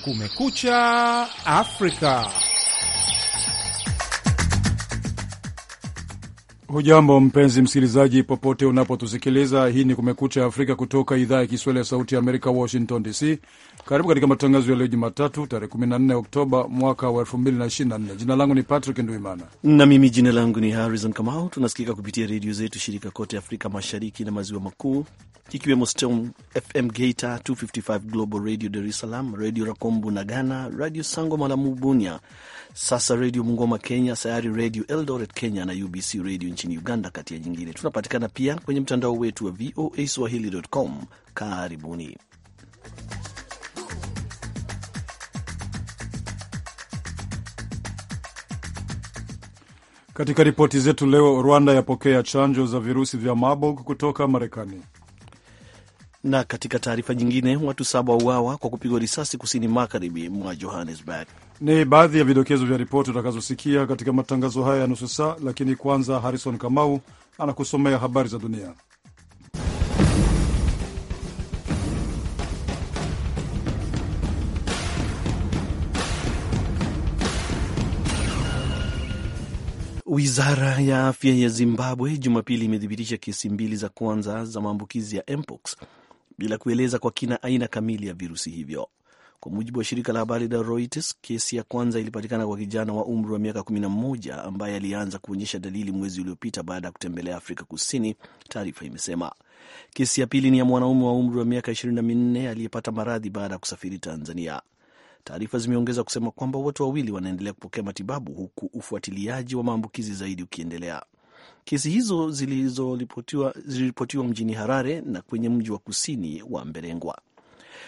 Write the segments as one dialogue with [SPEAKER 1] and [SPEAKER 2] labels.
[SPEAKER 1] Kumekucha Afrika. Hujambo mpenzi msikilizaji, popote unapotusikiliza. Hii ni Kumekucha Afrika kutoka idhaa ya Kiswahili ya Sauti ya Amerika, Washington DC. Karibu katika matangazo ya leo Jumatatu, tarehe 14 Oktoba mwaka wa 2024. Jina langu ni Patrick Nduimana
[SPEAKER 2] na mimi jina langu ni Harrison Kamau. Tunasikika kupitia redio zetu shirika kote Afrika Mashariki na Maziwa Makuu, ikiwemo Storm FM Geita, 255 Global Radio Dar es Salaam, Radio Rakombu na Ghana, Radio Sango Malamu Bunia, sasa Redio Mungoma Kenya, Sayari Redio Eldoret Kenya na UBC Redio nchini Uganda, kati ya nyingine. Tunapatikana pia kwenye mtandao wetu wa VOA Swahili.com. Karibuni.
[SPEAKER 1] Katika ripoti zetu leo, Rwanda yapokea chanjo za virusi vya Marburg kutoka Marekani. Na katika taarifa nyingine, watu saba wauawa kwa kupigwa
[SPEAKER 2] risasi kusini magharibi mwa Johannesburg.
[SPEAKER 1] Ni baadhi ya vidokezo vya ripoti utakazosikia katika matangazo haya ya nusu saa, lakini kwanza, Harrison Kamau anakusomea habari za dunia.
[SPEAKER 2] Wizara ya afya ya Zimbabwe Jumapili imethibitisha kesi mbili za kwanza za maambukizi ya mpox bila kueleza kwa kina aina kamili ya virusi hivyo. Kwa mujibu wa shirika la habari la Reuters, kesi ya kwanza ilipatikana kwa kijana wa umri wa miaka 11 ambaye alianza kuonyesha dalili mwezi uliopita baada ya kutembelea Afrika Kusini, taarifa imesema. Kesi ya pili ni ya mwanaume wa umri wa miaka 24 aliyepata maradhi baada ya kusafiri Tanzania. Taarifa zimeongeza kusema kwamba wote wawili wanaendelea kupokea matibabu huku ufuatiliaji wa maambukizi zaidi ukiendelea. Kesi hizo ziliripotiwa mjini Harare na kwenye mji wa kusini wa Mberengwa.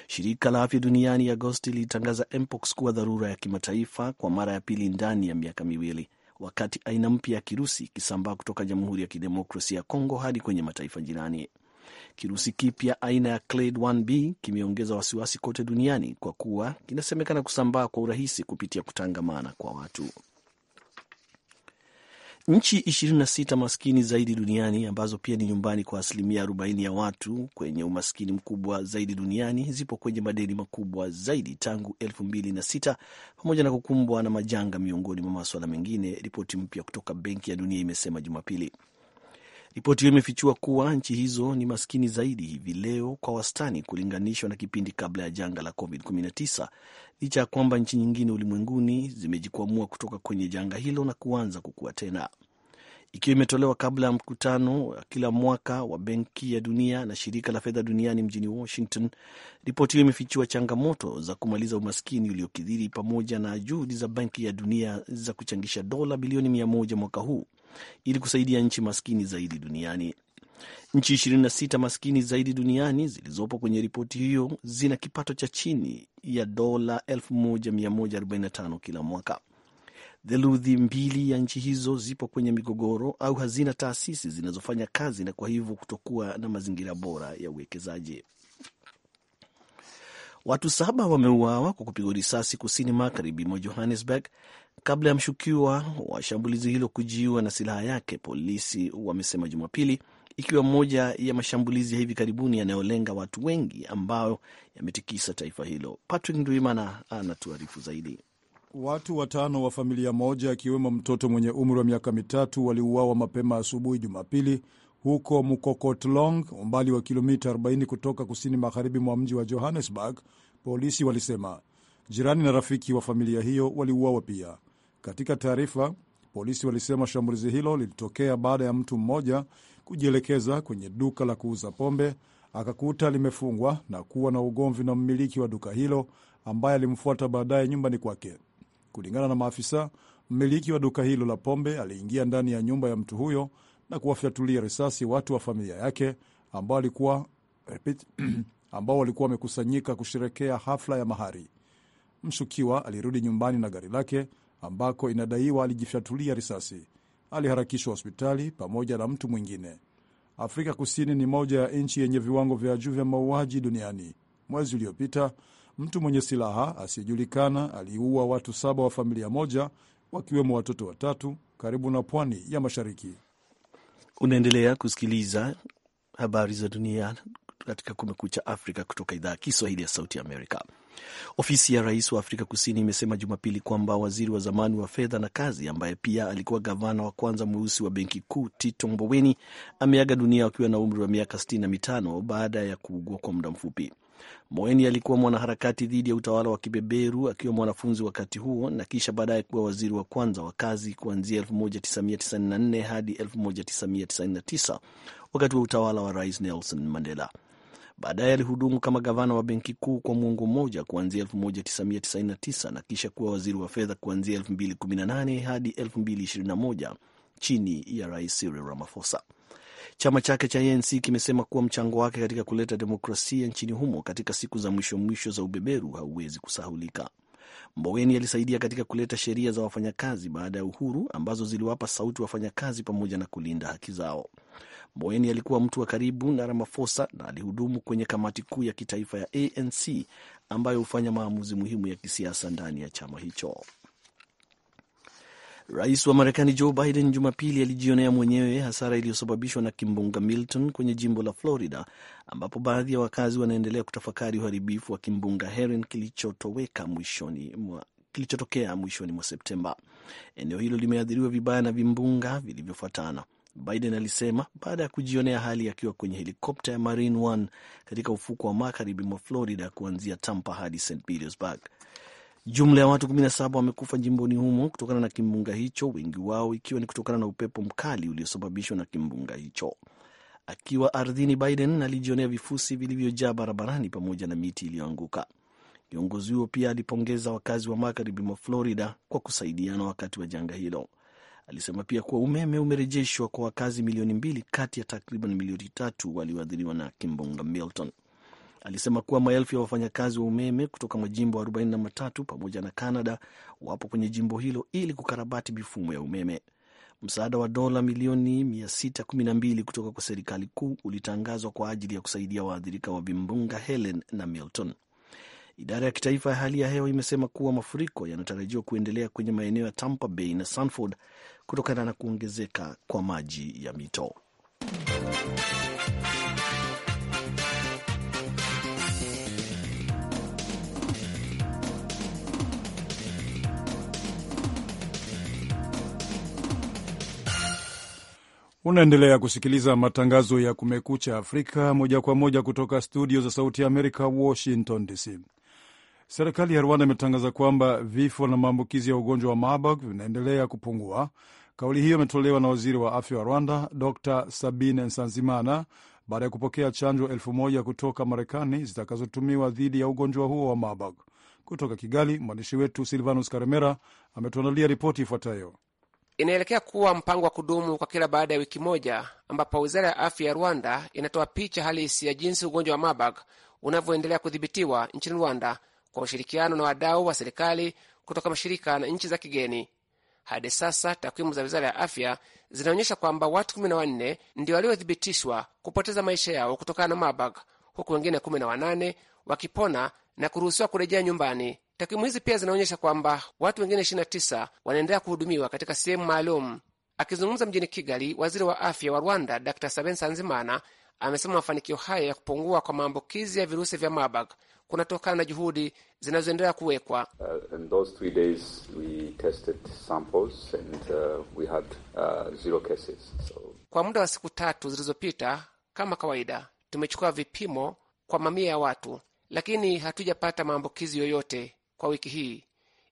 [SPEAKER 2] Shirika la Afya Duniani Agosti lilitangaza mpox kuwa dharura ya kimataifa kwa mara ya pili ndani ya miaka miwili, wakati aina mpya ya kirusi ikisambaa kutoka Jamhuri ya Kidemokrasia ya Kongo hadi kwenye mataifa jirani. Kirusi kipya aina ya clade 1b kimeongeza wasiwasi kote duniani kwa kuwa kinasemekana kusambaa kwa urahisi kupitia kutangamana kwa watu. Nchi 26 maskini zaidi duniani ambazo pia ni nyumbani kwa asilimia 40 ya watu kwenye umaskini mkubwa zaidi duniani zipo kwenye madeni makubwa zaidi tangu 2006 pamoja na kukumbwa na majanga miongoni mwa maswala mengine, ripoti mpya kutoka Benki ya Dunia imesema Jumapili. Ripoti hiyo imefichua kuwa nchi hizo ni maskini zaidi hivi leo kwa wastani kulinganishwa na kipindi kabla ya janga la COVID-19, licha ya kwamba nchi nyingine ulimwenguni zimejikwamua kutoka kwenye janga hilo na kuanza kukua tena, ikiwa imetolewa kabla ya mkutano wa kila mwaka wa Benki ya Dunia na Shirika la Fedha Duniani mjini Washington. Ripoti hiyo imefichua changamoto za kumaliza umaskini uliokithiri pamoja na juhudi za Benki ya Dunia za kuchangisha dola bilioni mia moja mwaka huu ili kusaidia nchi maskini zaidi duniani. Nchi 26 maskini zaidi duniani zilizopo kwenye ripoti hiyo zina kipato cha chini ya dola 1145 kila mwaka. Theluthi mbili ya nchi hizo zipo kwenye migogoro au hazina taasisi zinazofanya kazi na kwa hivyo kutokuwa na mazingira bora ya uwekezaji. Watu saba wameuawa kwa kupigwa risasi kusini magharibi mwa Johannesburg kabla ya mshukiwa wa shambulizi hilo kujiua na silaha yake, polisi wamesema Jumapili, ikiwa moja ya mashambulizi ya hivi karibuni yanayolenga watu wengi ambayo yametikisa taifa hilo. Patrick Ndwimana anatuarifu zaidi.
[SPEAKER 1] Watu watano wa familia moja akiwemo mtoto mwenye umri wa miaka mitatu waliuawa mapema asubuhi Jumapili huko Mkokotlong, umbali wa kilomita 40 kutoka kusini magharibi mwa mji wa Johannesburg, polisi walisema. Jirani na rafiki wa familia hiyo waliuawa pia. Katika taarifa, polisi walisema shambulizi hilo lilitokea baada ya mtu mmoja kujielekeza kwenye duka la kuuza pombe akakuta limefungwa na kuwa na ugomvi na mmiliki wa duka hilo ambaye alimfuata baadaye nyumbani kwake. Kulingana na maafisa, mmiliki wa duka hilo la pombe aliingia ndani ya nyumba ya mtu huyo na kuwafyatulia risasi watu wa familia yake ambao walikuwa ambao walikuwa wamekusanyika kusherekea hafla ya mahari. Mshukiwa alirudi nyumbani na gari lake ambako inadaiwa alijifyatulia risasi. Aliharakishwa hospitali pamoja na mtu mwingine. Afrika Kusini ni moja ya nchi yenye viwango vya juu vya mauaji duniani. Mwezi uliopita mtu mwenye silaha asiyejulikana aliua watu saba wa familia moja, wakiwemo watoto watatu karibu na pwani ya mashariki.
[SPEAKER 2] Unaendelea kusikiliza habari za dunia katika Kumekucha Afrika kutoka idhaa ya Kiswahili ya Sauti Amerika. Ofisi ya rais wa Afrika Kusini imesema Jumapili kwamba waziri wa zamani wa fedha na kazi ambaye pia alikuwa gavana wa kwanza mweusi wa benki kuu Tito Mboweni ameaga dunia akiwa na umri wa miaka sitini na mitano baada ya kuugua kwa muda mfupi. Mboweni alikuwa mwanaharakati dhidi ya utawala wa kibeberu akiwa mwanafunzi wakati huo na kisha baadaye kuwa waziri wa kwanza wa kazi kuanzia 1994 hadi 1999 wakati wa utawala wa rais Nelson Mandela. Baadaye alihudumu kama gavana wa benki kuu kwa muongo mmoja kuanzia 1999 na kisha kuwa waziri wa fedha kuanzia 2018 hadi 2021 chini ya Rais Cyril Ramaphosa. Chama chake cha ANC kimesema kuwa mchango wake katika kuleta demokrasia nchini humo katika siku za mwisho mwisho za ubeberu hauwezi kusahulika. Mboweni alisaidia katika kuleta sheria za wafanyakazi baada ya uhuru ambazo ziliwapa sauti wafanyakazi pamoja na kulinda haki zao. Mboweni alikuwa mtu wa karibu na ramafosa na alihudumu kwenye kamati kuu ya kitaifa ya ANC ambayo hufanya maamuzi muhimu ya kisiasa ndani ya chama hicho. Rais wa Marekani Joe Biden Jumapili alijionea mwenyewe hasara iliyosababishwa na kimbunga Milton kwenye jimbo la Florida, ambapo baadhi ya wakazi wanaendelea kutafakari uharibifu wa kimbunga Helen kilichotoweka mwishoni mwa kilichotokea mwishoni mwa Septemba. Eneo hilo limeathiriwa vibaya na vimbunga vilivyofuatana. Biden alisema baada ya kujionea hali akiwa kwenye helikopta ya Marine One katika ufuko wa magharibi mwa Florida kuanzia Tampa hadi St Petersburg. Jumla ya watu 17 wamekufa jimboni humo kutokana na kimbunga hicho, wengi wao ikiwa ni kutokana na upepo mkali uliosababishwa na kimbunga hicho. Akiwa ardhini, Biden alijionea vifusi vilivyojaa barabarani pamoja na miti iliyoanguka. Kiongozi huo pia alipongeza wakazi wa magharibi mwa Florida kwa kusaidiana wakati wa janga hilo. Alisema pia kuwa umeme umerejeshwa kwa wakazi milioni mbili kati ya takriban milioni tatu walioathiriwa na kimbunga Milton. Alisema kuwa maelfu ya wafanyakazi wa umeme kutoka majimbo 43 pamoja na Canada wapo kwenye jimbo hilo ili kukarabati mifumo ya umeme. Msaada wa dola milioni 612 kutoka kwa serikali kuu ulitangazwa kwa ajili ya kusaidia waathirika wa vimbunga Helen na Milton. Idara ya kitaifa ya hali ya hewa imesema kuwa mafuriko yanatarajiwa kuendelea kwenye maeneo ya Tampa Bay na Sanford kutokana na kuongezeka kwa maji ya mito.
[SPEAKER 1] Unaendelea kusikiliza matangazo ya Kumekucha Afrika moja kwa moja kutoka studio za Sauti ya Amerika, Washington DC. Serikali ya Rwanda imetangaza kwamba vifo na maambukizi ya ugonjwa wa Marburg vinaendelea kupungua. Kauli hiyo imetolewa na waziri wa afya wa Rwanda, Dr Sabine Nsanzimana, baada ya kupokea chanjo elfu moja kutoka Marekani zitakazotumiwa dhidi ya ugonjwa huo wa Marburg. Kutoka Kigali, mwandishi wetu Silvanus Karemera ametuandalia ripoti ifuatayo.
[SPEAKER 3] Inaelekea kuwa mpango wa kudumu kwa kila baada ya wiki moja, ambapo wizara ya afya ya Rwanda inatoa picha halisi ya jinsi ugonjwa wa Marburg unavyoendelea kudhibitiwa nchini Rwanda kwa ushirikiano na wadau wa serikali kutoka mashirika na nchi za kigeni. Hadi sasa takwimu za wizara ya afya zinaonyesha kwamba watu 14 ndio waliothibitishwa kupoteza maisha yao kutokana na Marburg, huku wengine 18 wakipona na kuruhusiwa kurejea nyumbani. Takwimu hizi pia zinaonyesha kwamba watu wengine 29 wanaendelea kuhudumiwa katika sehemu maalum. Akizungumza mjini Kigali, waziri wa afya wa Rwanda Dr Saben Sanzimana amesema mafanikio haya ya kupungua kwa maambukizi ya virusi vya Marburg kunatokana na juhudi zinazoendelea kuwekwa. Uh, uh, uh, kwa muda wa siku tatu zilizopita, kama kawaida, tumechukua vipimo kwa mamia ya watu, lakini hatujapata maambukizi yoyote kwa wiki hii.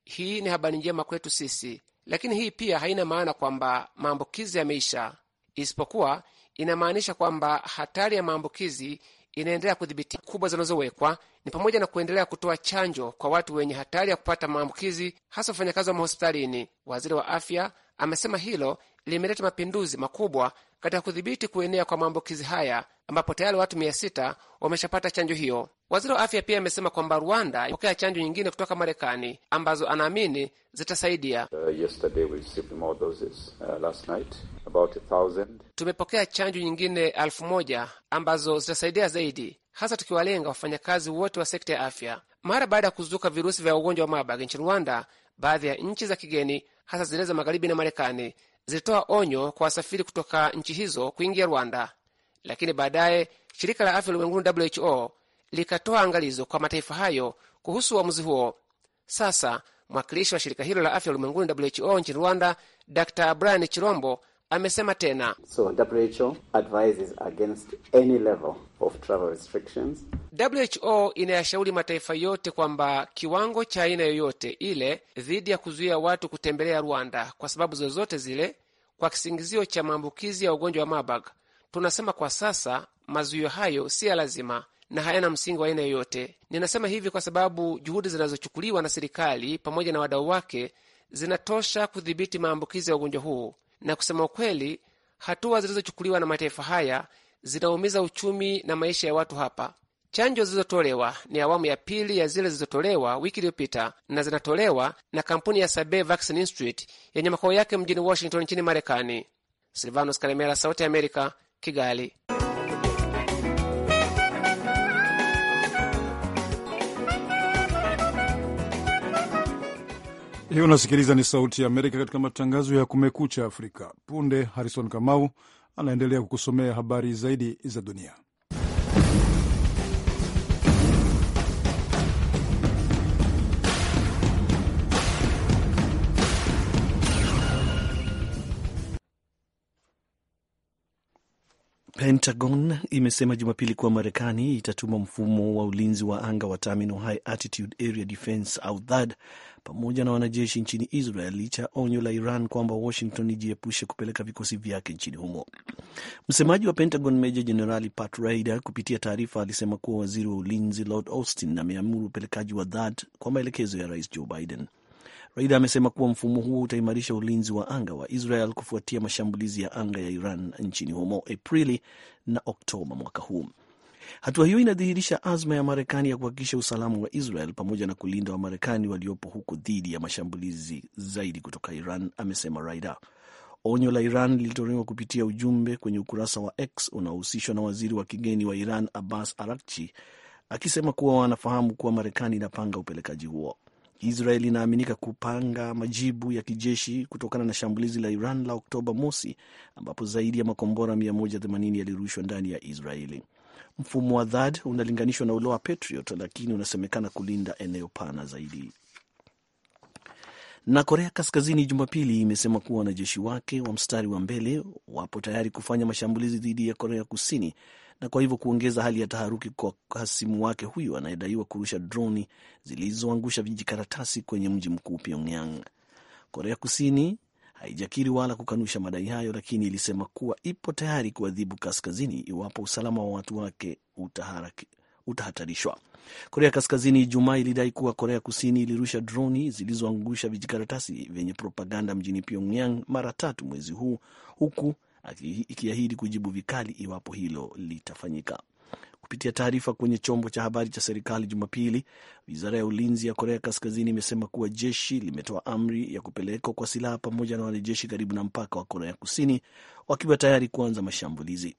[SPEAKER 3] Hii ni habari njema kwetu sisi, lakini hii pia haina maana kwamba maambukizi yameisha, isipokuwa inamaanisha kwamba hatari ya maambukizi inaendelea kudhibitia Kubwa zinazowekwa ni pamoja na kuendelea kutoa chanjo kwa watu wenye hatari ya kupata maambukizi, hasa wafanyakazi wa mahospitalini. Waziri wa afya amesema hilo limeleta mapinduzi makubwa katika kudhibiti kuenea kwa maambukizi haya ambapo tayari watu mia sita wameshapata chanjo hiyo. Waziri wa afya pia amesema kwamba Rwanda pokea chanjo nyingine kutoka Marekani ambazo anaamini zitasaidia. Uh, uh, tumepokea chanjo nyingine elfu moja ambazo zitasaidia zaidi, hasa tukiwalenga wafanyakazi wote wa sekta ya afya. Mara baada ya kuzuka virusi vya ugonjwa wa Marburg nchini Rwanda, baadhi ya nchi za kigeni hasa zile za magharibi na Marekani zilitoa onyo kwa wasafiri kutoka nchi hizo kuingia Rwanda, lakini baadaye shirika la afya ulimwenguni WHO likatoa angalizo kwa mataifa hayo kuhusu uamuzi huo. Sasa mwakilishi wa shirika hilo la afya ulimwenguni WHO nchini Rwanda, Dr Brian Chirombo Amesema tena so, WHO, any level of WHO inayashauri mataifa yote kwamba kiwango cha aina yoyote ile dhidi ya kuzuia watu kutembelea Rwanda kwa sababu zozote zile kwa kisingizio cha maambukizi ya ugonjwa wa Marburg. Tunasema kwa sasa mazuio hayo si ya lazima na hayana msingi wa aina yoyote. Ninasema hivi kwa sababu juhudi zinazochukuliwa na serikali pamoja na wadau wake zinatosha kudhibiti maambukizi ya ugonjwa huu na kusema ukweli, hatua zilizochukuliwa na mataifa haya zinaumiza uchumi na maisha ya watu hapa. Chanjo zilizotolewa ni awamu ya pili ya zile zilizotolewa wiki iliyopita na zinatolewa na kampuni ya Sabe Vaccine Institute yenye makao yake mjini Washington nchini Marekani. Silvanos Karemera, Sauti ya Amerika, Kigali.
[SPEAKER 1] Hiyo unasikiliza ni Sauti ya Amerika katika matangazo ya Kumekucha Afrika. Punde Harrison Kamau anaendelea kukusomea habari zaidi za dunia.
[SPEAKER 2] Pentagon imesema Jumapili kuwa Marekani itatuma mfumo wa ulinzi wa anga wa Terminal High Altitude Area Defense au THAD pamoja na wanajeshi nchini Israel licha onyo la Iran kwamba Washington ijiepushe kupeleka vikosi vyake nchini humo. Msemaji wa Pentagon Meja Jenerali Pat Ryder kupitia taarifa alisema kuwa waziri wa ulinzi Lord Austin ameamuru upelekaji wa THAD kwa maelekezo ya Rais Joe Biden. Raida amesema kuwa mfumo huo utaimarisha ulinzi wa anga wa Israel kufuatia mashambulizi ya anga ya Iran nchini humo Aprili na Oktoba mwaka huu. Hatua hiyo inadhihirisha azma ya Marekani ya kuhakikisha usalama wa Israel pamoja na kulinda Wamarekani waliopo huko dhidi ya mashambulizi zaidi kutoka Iran, amesema Raida. Onyo la Iran lilitolewa kupitia ujumbe kwenye ukurasa wa X unaohusishwa na waziri wa kigeni wa Iran Abbas Arakchi akisema kuwa wanafahamu kuwa Marekani inapanga upelekaji huo. Israel inaaminika kupanga majibu ya kijeshi kutokana na shambulizi la Iran la Oktoba mosi ambapo zaidi ya makombora 180 yalirushwa ndani ya Israeli. Mfumo wa Dhad unalinganishwa na ulo wa Patriot, lakini unasemekana kulinda eneo pana zaidi. Na Korea Kaskazini Jumapili imesema kuwa wanajeshi wake wa mstari wa mbele wapo tayari kufanya mashambulizi dhidi ya Korea Kusini na kwa hivyo kuongeza hali ya taharuki kwa hasimu wake huyo anayedaiwa kurusha droni zilizoangusha vijikaratasi kwenye mji mkuu Pyongyang. Korea Kusini haijakiri wala kukanusha madai hayo, lakini ilisema kuwa ipo tayari kuadhibu Kaskazini iwapo usalama wa watu wake utaharaki utahatarishwa. Korea Kaskazini Ijumaa ilidai kuwa Korea Kusini ilirusha droni zilizoangusha vijikaratasi vyenye propaganda mjini Pyongyang mara tatu mwezi huu, huku ikiahidi kujibu vikali iwapo hilo litafanyika. Kupitia taarifa kwenye chombo cha habari cha serikali Jumapili, wizara ya ulinzi ya Korea Kaskazini imesema kuwa jeshi limetoa amri ya kupelekwa kwa silaha pamoja na wanajeshi karibu na mpaka wa Korea Kusini, wakiwa tayari kuanza mashambulizi.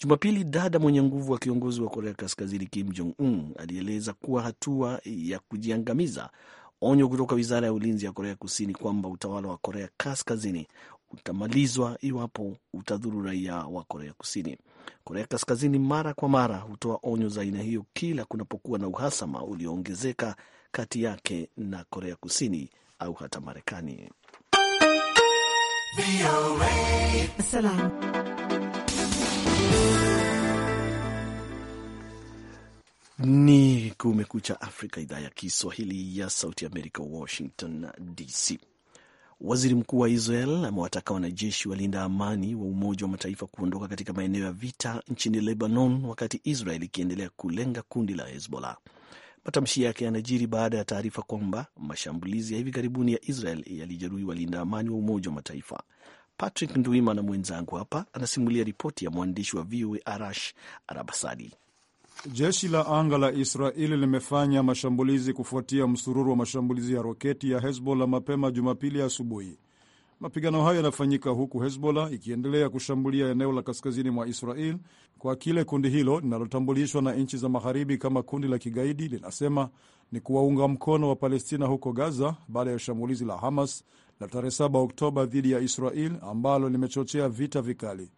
[SPEAKER 2] Jumapili, dada mwenye nguvu wa kiongozi wa Korea Kaskazini Kim Jong Un alieleza kuwa hatua ya kujiangamiza, onyo kutoka wizara ya ulinzi ya Korea Kusini kwamba utawala wa Korea Kaskazini utamalizwa iwapo utadhuru raia wa Korea Kusini. Korea Kaskazini mara kwa mara hutoa onyo za aina hiyo kila kunapokuwa na uhasama ulioongezeka kati yake na Korea Kusini au hata Marekani. Ni Kumekucha Afrika, idhaa ya Kiswahili ya Sauti Amerika, Washington DC. Waziri mkuu wa Israel amewataka wanajeshi walinda amani wa Umoja wa Mataifa kuondoka katika maeneo ya vita nchini Lebanon, wakati Israel ikiendelea kulenga kundi la Hezbollah. Matamshi yake yanajiri baada ya taarifa kwamba mashambulizi ya hivi karibuni ya Israel yalijeruhi walinda amani wa Umoja wa Mataifa. Patrick Nduima na mwenzangu hapa anasimulia ripoti ya mwandishi wa VOA Arash Arabasadi.
[SPEAKER 1] Jeshi la anga la Israeli limefanya mashambulizi kufuatia msururu wa mashambulizi ya roketi ya Hezbollah mapema Jumapili asubuhi. Mapigano hayo yanafanyika huku Hezbollah ikiendelea kushambulia eneo la kaskazini mwa Israel kwa kile kundi hilo linalotambulishwa na nchi za magharibi kama kundi la kigaidi linasema ni kuwaunga mkono wa Palestina huko Gaza baada ya shambulizi la Hamas la tarehe 7 Oktoba dhidi ya Israel ambalo limechochea vita vikali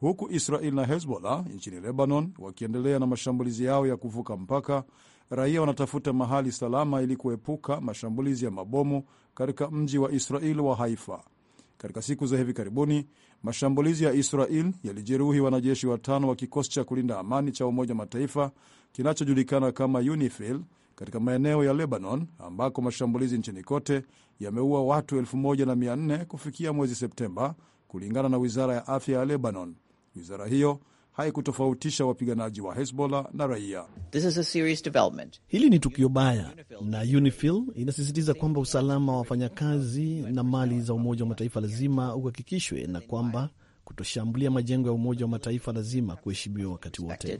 [SPEAKER 1] huku Israel na Hezbollah nchini Lebanon wakiendelea na mashambulizi yao ya kuvuka mpaka. Raia wanatafuta mahali salama ili kuepuka mashambulizi ya mabomu katika mji wa Israel wa Haifa. Katika siku za hivi karibuni, mashambulizi ya Israel yalijeruhi wanajeshi watano wa kikosi cha kulinda amani cha Umoja wa Mataifa kinachojulikana kama UNIFIL katika maeneo ya Lebanon ambako mashambulizi nchini kote yameua watu 1400 kufikia mwezi Septemba, kulingana na wizara ya afya ya Lebanon. Wizara hiyo haikutofautisha wapiganaji wa Hezbollah na raia. This is a serious development.
[SPEAKER 2] Hili ni tukio baya, na UNIFIL inasisitiza kwamba usalama wa wafanyakazi na mali za Umoja wa Mataifa lazima uhakikishwe na kwamba kutoshambulia majengo ya Umoja wa Mataifa lazima kuheshimiwa wakati
[SPEAKER 3] wote.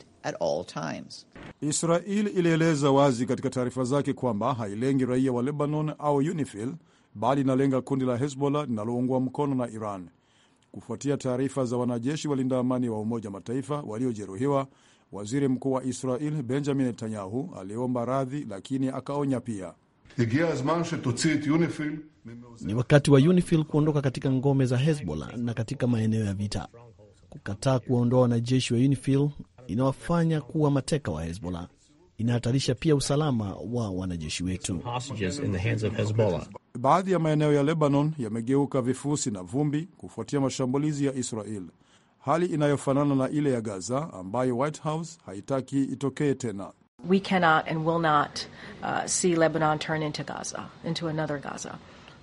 [SPEAKER 1] Israel ilieleza wazi katika taarifa zake kwamba hailengi raia wa Lebanon au UNIFIL, bali inalenga kundi la Hezbollah linaloungwa mkono na Iran kufuatia taarifa za wanajeshi walinda amani wa Umoja Mataifa waliojeruhiwa. Waziri Mkuu wa Israel Benjamin Netanyahu aliomba radhi, lakini akaonya pia
[SPEAKER 2] ni wakati wa UNIFIL kuondoka katika ngome za Hezbollah na katika maeneo ya vita. Kukataa kuwaondoa wanajeshi wa UNIFIL inawafanya kuwa mateka wa Hezbollah, inahatarisha pia usalama wa wanajeshi wetu
[SPEAKER 1] baadhi ya maeneo ya Lebanon yamegeuka vifusi na vumbi kufuatia mashambulizi ya Israel, hali inayofanana na ile ya Gaza ambayo White House haitaki itokee tena.
[SPEAKER 4] We cannot and will not uh, see Lebanon turn into Gaza, into another Gaza.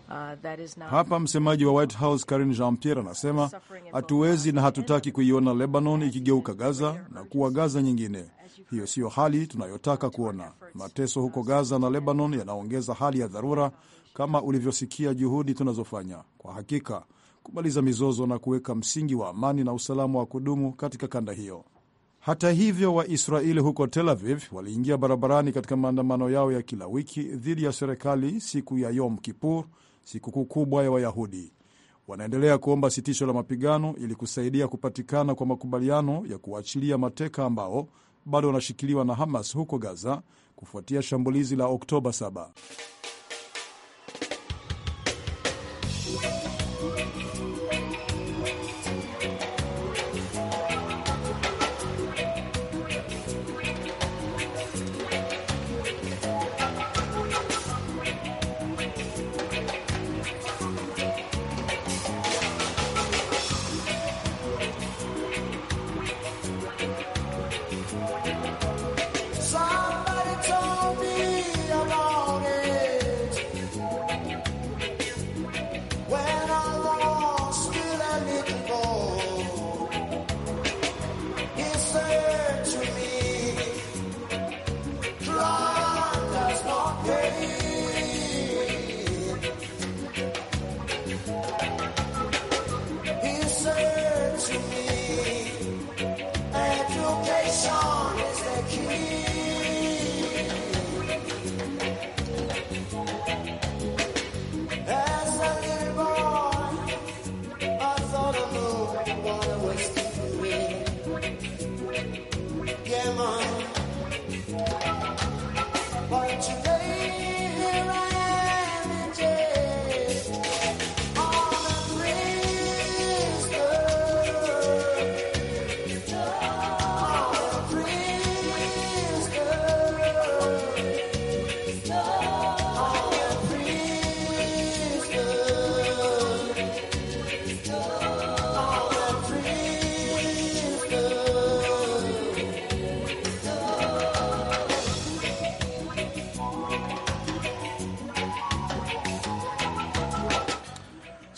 [SPEAKER 4] Uh, that is not...
[SPEAKER 1] Hapa msemaji wa White House Karine Jean-Pierre anasema hatuwezi na hatutaki kuiona Lebanon ikigeuka Gaza na kuwa Gaza nyingine. Hiyo siyo hali tunayotaka kuona. Mateso huko Gaza na Lebanon yanaongeza hali ya dharura kama ulivyosikia juhudi tunazofanya kwa hakika kumaliza mizozo na kuweka msingi wa amani na usalama wa kudumu katika kanda hiyo. Hata hivyo, Waisraeli huko Tel Aviv waliingia barabarani katika maandamano yao ya kila wiki dhidi ya serikali siku ya Yom Kipur, sikukuu kubwa ya Wayahudi. Wanaendelea kuomba sitisho la mapigano ili kusaidia kupatikana kwa makubaliano ya kuachilia mateka ambao bado wanashikiliwa na Hamas huko Gaza kufuatia shambulizi la Oktoba 7. Thank you.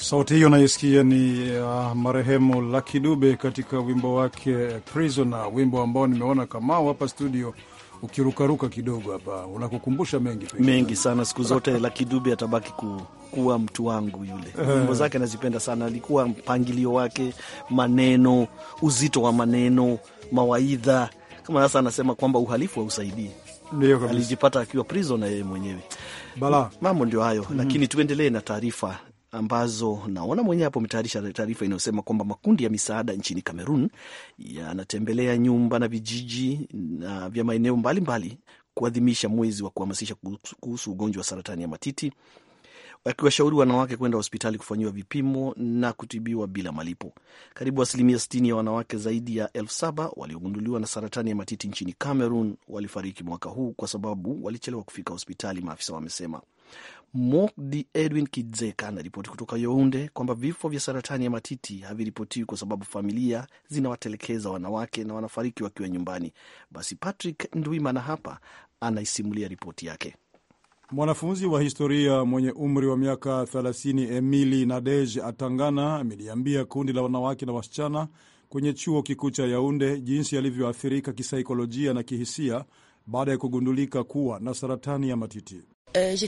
[SPEAKER 1] Sauti hiyo unayosikia ni uh, marehemu Lucky Dube katika wimbo wake Prisoner, wimbo ambao nimeona kama hapa studio ukirukaruka kidogo hapa, unakukumbusha mengi pekita. mengi sana siku zote
[SPEAKER 2] Lucky Dube atabaki ku kuwa mtu wangu yule. Nyimbo eh. zake nazipenda sana, alikuwa mpangilio wake, maneno, uzito wa maneno, mawaidha. Kama sasa anasema kwamba uhalifu hausaidii, alijipata akiwa prisoner yeye mwenyewe. Bala mambo ndio hayo, mm -hmm. Lakini tuendelee na taarifa ambazo naona mwenyewe hapo umetayarisha taarifa inayosema kwamba makundi ya misaada nchini Kamerun yanatembelea nyumba na vijiji na vya maeneo mbalimbali kuadhimisha mwezi wa kuhamasisha kuhusu ugonjwa wa saratani ya matiti akiwashauri wanawake kwenda hospitali kufanyiwa vipimo na kutibiwa bila malipo. Karibu asilimia 60 ya wanawake zaidi ya elfu saba waliogunduliwa na saratani ya matiti nchini Cameroon walifariki mwaka huu kwa sababu walichelewa kufika hospitali, maafisa wamesema. Mokdi Edwin Kidzeka anaripoti kutoka Younde kwamba vifo vya saratani ya matiti haviripotiwi kwa sababu familia zinawatelekeza wanawake na wanafariki wakiwa nyumbani. Basi Patrick Ndwimana hapa anaisimulia ripoti yake.
[SPEAKER 1] Mwanafunzi wa historia mwenye umri wa miaka 30 Emili Nadej Atangana ameliambia kundi la wanawake na wasichana kwenye chuo kikuu cha Yaunde jinsi alivyoathirika kisaikolojia na kihisia baada ya kugundulika kuwa na saratani ya matiti.
[SPEAKER 4] Eh,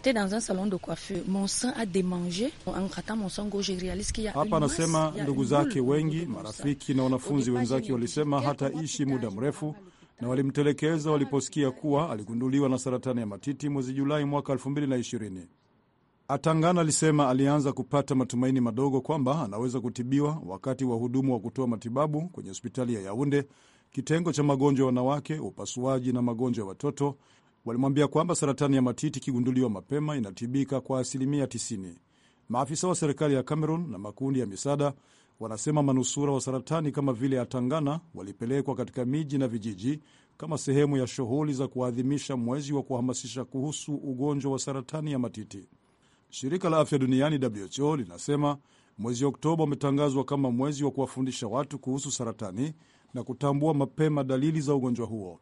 [SPEAKER 4] Hapa anasema ndugu zake
[SPEAKER 1] wengi, marafiki na wanafunzi wenzake walisema hataishi muda mrefu na walimtelekeza waliposikia kuwa aligunduliwa na saratani ya matiti mwezi Julai mwaka 2020. Atangana alisema alianza kupata matumaini madogo kwamba anaweza kutibiwa wakati wahudumu wa kutoa matibabu kwenye hospitali ya Yaunde, kitengo cha magonjwa ya wanawake, upasuaji na magonjwa ya watoto, walimwambia kwamba saratani ya matiti ikigunduliwa mapema inatibika kwa asilimia 90. Maafisa wa serikali ya Cameroon na makundi ya misaada Wanasema manusura wa saratani kama vile Atangana walipelekwa katika miji na vijiji kama sehemu ya shughuli za kuadhimisha mwezi wa kuhamasisha kuhusu ugonjwa wa saratani ya matiti. Shirika la Afya Duniani WHO linasema mwezi Oktoba umetangazwa kama mwezi wa kuwafundisha watu kuhusu saratani na kutambua mapema dalili za ugonjwa huo.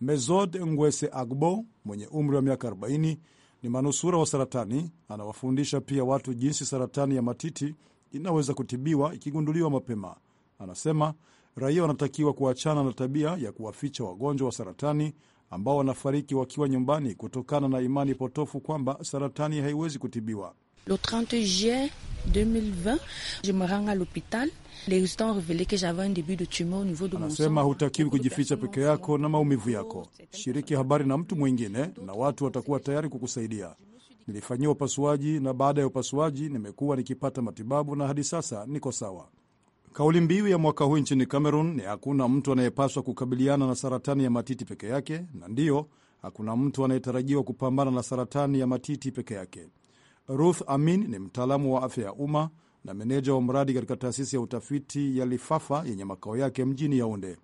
[SPEAKER 1] Mezod Ngwese Agbo mwenye umri wa miaka 40 ni manusura wa saratani. Anawafundisha pia watu jinsi saratani ya matiti inaweza kutibiwa ikigunduliwa mapema. Anasema raia wanatakiwa kuachana na tabia ya kuwaficha wagonjwa wa saratani ambao wanafariki wakiwa nyumbani kutokana na imani potofu kwamba saratani haiwezi kutibiwa. Anasema hutakiwi kujificha peke yako na maumivu yako. Shiriki habari na mtu mwingine na watu watakuwa tayari kukusaidia. Nilifanyiwa upasuaji na baada ya upasuaji nimekuwa nikipata matibabu na hadi sasa niko sawa. Kauli mbiu ya mwaka huu nchini Cameroon ni hakuna mtu anayepaswa kukabiliana na saratani ya matiti peke yake, na ndiyo, hakuna mtu anayetarajiwa kupambana na saratani ya matiti peke yake. Ruth Amin ni mtaalamu wa afya ya umma na meneja wa mradi katika taasisi ya utafiti ya Lifafa yenye makao yake mjini Yaunde.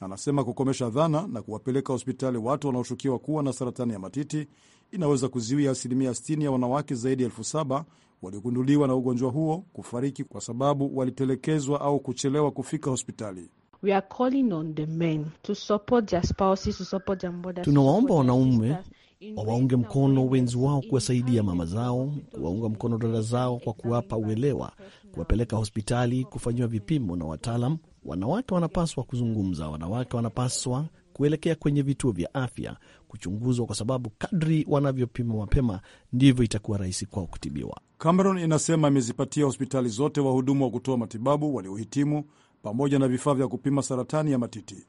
[SPEAKER 1] Anasema kukomesha dhana na kuwapeleka hospitali watu wanaoshukiwa kuwa na saratani ya matiti inaweza kuziwia asilimia 60 ya wanawake zaidi ya elfu saba waliogunduliwa na ugonjwa huo kufariki kwa sababu walitelekezwa au kuchelewa kufika hospitali.
[SPEAKER 4] Tunawaomba
[SPEAKER 2] wanaume wawaunge mkono wenzi wao, kuwasaidia mama zao, kuwaunga mkono dada zao kwa kuwapa uelewa, kuwapeleka hospitali kufanyiwa vipimo na wataalam, Wanawake wanapaswa kuzungumza, wanawake wanapaswa kuelekea kwenye vituo vya afya kuchunguzwa, kwa sababu kadri wanavyopima mapema ndivyo itakuwa rahisi kwao kutibiwa.
[SPEAKER 1] Cameron inasema imezipatia hospitali zote wahudumu wa kutoa matibabu waliohitimu pamoja na vifaa vya kupima saratani ya matiti.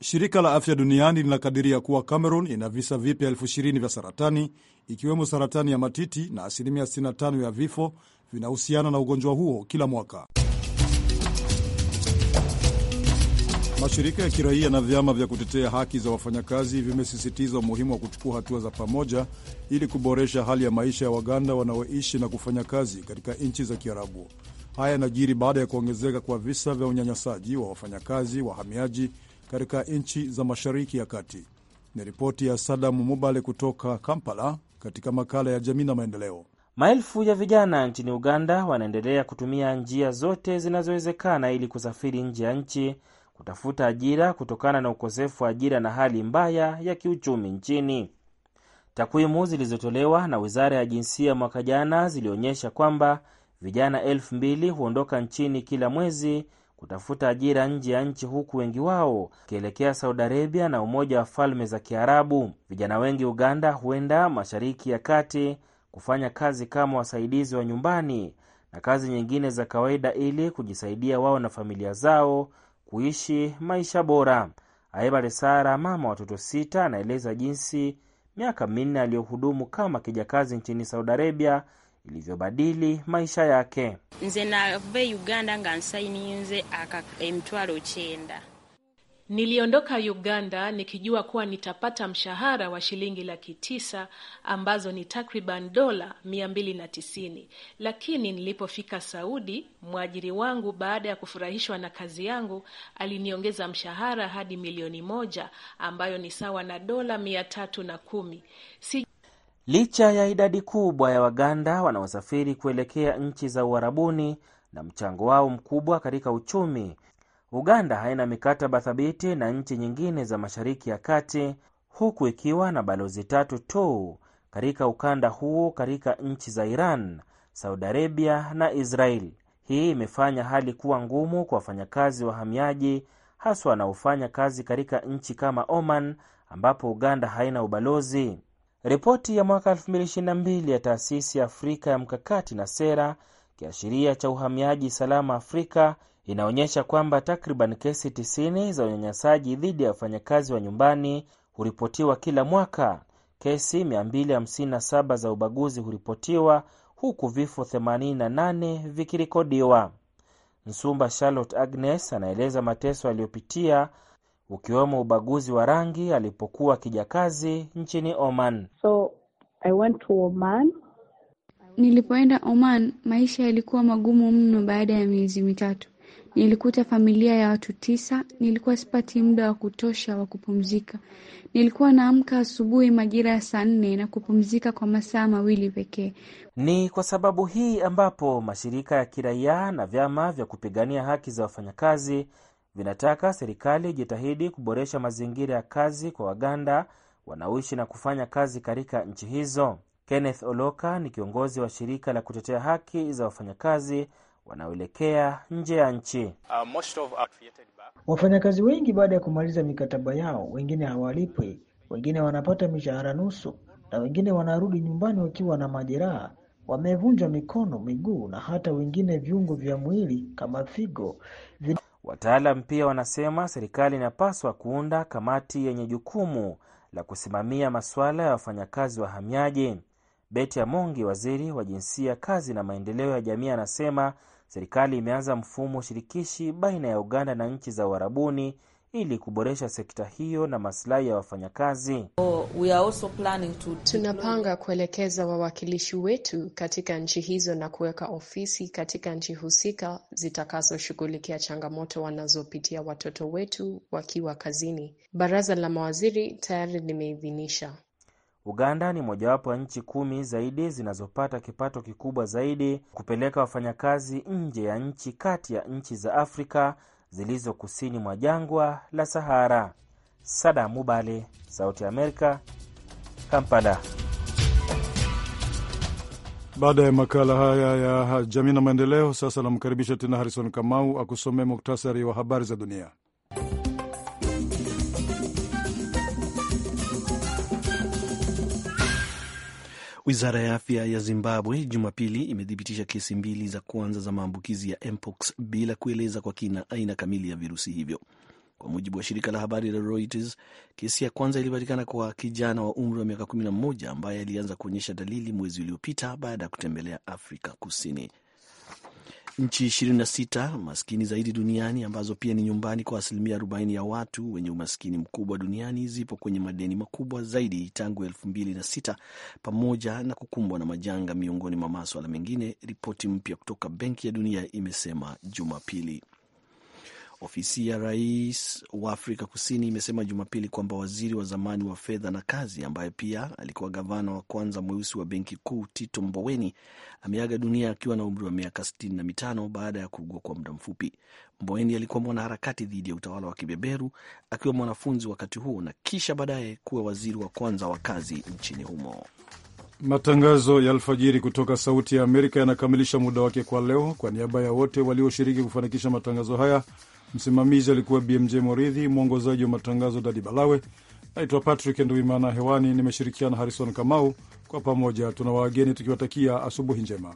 [SPEAKER 1] Shirika la Afya Duniani linakadiria kuwa Cameron ina visa vipya elfu ishirini vya saratani ikiwemo saratani ya matiti na asilimia 65 ya vifo vinahusiana na ugonjwa huo kila mwaka. Mashirika ya kiraia na vyama vya kutetea haki za wafanyakazi vimesisitiza umuhimu wa kuchukua hatua za pamoja ili kuboresha hali ya maisha ya Waganda wanaoishi na kufanya kazi katika nchi za Kiarabu. Haya yanajiri baada ya kuongezeka kwa visa vya unyanyasaji wa wafanyakazi wahamiaji katika nchi za Mashariki ya Kati. Ni ripoti ya Sadamu Mubale kutoka Kampala, katika makala ya jamii na maendeleo.
[SPEAKER 4] Maelfu ya vijana nchini Uganda wanaendelea kutumia njia zote zinazowezekana ili kusafiri nje ya nchi kutafuta ajira kutokana na ukosefu wa ajira na hali mbaya ya kiuchumi nchini. Takwimu zilizotolewa na Wizara ya Jinsia mwaka jana zilionyesha kwamba vijana elfu mbili huondoka nchini kila mwezi kutafuta ajira nje ya nchi huku wengi wao wakielekea Saudi Arabia na Umoja wa Falme za Kiarabu. Vijana wengi Uganda huenda Mashariki ya Kati kufanya kazi kama wasaidizi wa nyumbani na kazi nyingine za kawaida ili kujisaidia wao na familia zao kuishi maisha bora. Aibale Sara, mama watoto sita, anaeleza jinsi miaka minne aliyohudumu kama kijakazi nchini Saudi Arabia ilivyobadili maisha yake. nze nave uganda nga nsayininze emitwalo eh, chenda Niliondoka Uganda nikijua kuwa nitapata mshahara wa shilingi laki tisa ambazo ni takriban dola mia mbili na tisini, lakini nilipofika Saudi, mwajiri wangu baada ya kufurahishwa na kazi yangu aliniongeza mshahara hadi milioni moja ambayo ni sawa na dola mia tatu na kumi. Si... licha ya idadi kubwa ya Waganda wanaosafiri kuelekea nchi za uharabuni na mchango wao mkubwa katika uchumi Uganda haina mikataba thabiti na nchi nyingine za Mashariki ya Kati huku ikiwa na balozi tatu tu katika ukanda huo katika nchi za Iran, Saudi Arabia na Israel. Hii imefanya hali kuwa ngumu kwa wafanyakazi wahamiaji haswa wanaofanya kazi katika nchi kama Oman ambapo Uganda haina ubalozi. Ripoti ya mwaka 2022 ya taasisi ya Afrika ya mkakati na sera, kiashiria cha uhamiaji salama Afrika, inaonyesha kwamba takriban kesi 90 za unyanyasaji dhidi ya wafanyakazi wa nyumbani huripotiwa kila mwaka. Kesi 257 za ubaguzi huripotiwa huku vifo 88 vikirekodiwa. Msumba Charlotte Agnes anaeleza mateso aliyopitia ukiwemo ubaguzi wa rangi alipokuwa kijakazi nchini Oman. So, I went to Oman. Nilipoenda Oman, maisha yalikuwa magumu mno baada ya miezi mitatu. Nilikuta familia ya watu tisa. Nilikuwa sipati muda wa kutosha wa kupumzika. Nilikuwa naamka asubuhi majira ya saa nne na kupumzika kwa masaa
[SPEAKER 3] mawili pekee.
[SPEAKER 4] Ni kwa sababu hii ambapo mashirika ya kiraia na vyama vya kupigania haki za wafanyakazi vinataka serikali ijitahidi kuboresha mazingira ya kazi kwa Waganda wanaoishi na kufanya kazi katika nchi hizo. Kenneth Oloka ni kiongozi wa shirika la kutetea haki za wafanyakazi wanaoelekea nje ya nchi. Uh, wafanyakazi wengi baada ya kumaliza mikataba yao, wengine hawalipwi, wengine wanapata mishahara nusu, na wengine wanarudi nyumbani wakiwa na majeraha, wamevunjwa mikono, miguu na hata wengine viungo vya mwili kama figo. Wataalam pia wanasema serikali inapaswa kuunda kamati yenye jukumu la kusimamia masuala ya wafanyakazi wahamiaji. Beti Amongi, waziri wa jinsia, kazi na maendeleo ya jamii, anasema Serikali imeanza mfumo shirikishi baina ya Uganda na nchi za Uarabuni ili kuboresha sekta hiyo na masilahi ya wafanyakazi. tunapanga kuelekeza wawakilishi wetu katika nchi hizo na kuweka ofisi katika nchi husika zitakazoshughulikia changamoto wanazopitia watoto wetu wakiwa kazini. Baraza la mawaziri tayari limeidhinisha Uganda ni mojawapo ya nchi kumi zaidi zinazopata kipato kikubwa zaidi kupeleka wafanyakazi nje ya nchi kati ya nchi za Afrika zilizo kusini mwa jangwa la Sahara. Sada Mubale, Sauti ya Amerika, Kampala.
[SPEAKER 1] Baada ya makala haya ya jamii na maendeleo, sasa namkaribisha tena Harrison Kamau akusomea muktasari wa habari za dunia.
[SPEAKER 2] Wizara ya afya ya Zimbabwe Jumapili imethibitisha kesi mbili za kwanza za maambukizi ya mpox bila kueleza kwa kina aina kamili ya virusi hivyo. Kwa mujibu wa shirika la habari la Reuters, kesi ya kwanza ilipatikana kwa kijana wa umri wa miaka 11 ambaye alianza kuonyesha dalili mwezi uliopita baada ya kutembelea Afrika Kusini nchi 26 maskini zaidi duniani ambazo pia ni nyumbani kwa asilimia 40 ya watu wenye umaskini mkubwa duniani zipo kwenye madeni makubwa zaidi tangu 2006 pamoja na kukumbwa na majanga miongoni mwa maswala mengine, ripoti mpya kutoka Benki ya Dunia imesema Jumapili. Ofisi ya rais wa Afrika Kusini imesema Jumapili kwamba waziri wa zamani wa fedha na kazi ambaye pia alikuwa gavana wa kwanza mweusi wa benki kuu Tito Mboweni ameaga dunia akiwa na umri wa miaka sitini na mitano baada ya kuugua kwa muda mfupi. Mboweni alikuwa mwanaharakati dhidi ya utawala wa kibeberu akiwa mwanafunzi wakati huo na kisha baadaye kuwa waziri wa kwanza wa kazi nchini humo.
[SPEAKER 1] Matangazo ya alfajiri kutoka Sauti ya Amerika yanakamilisha muda wake kwa leo. Kwa niaba ya wote walioshiriki kufanikisha matangazo haya Msimamizi alikuwa BMJ Moridhi, mwongozaji wa matangazo Dadi Balawe. Naitwa Patrick Nduimana, hewani nimeshirikiana Harrison Kamau. Kwa pamoja tuna wageni tukiwatakia asubuhi njema.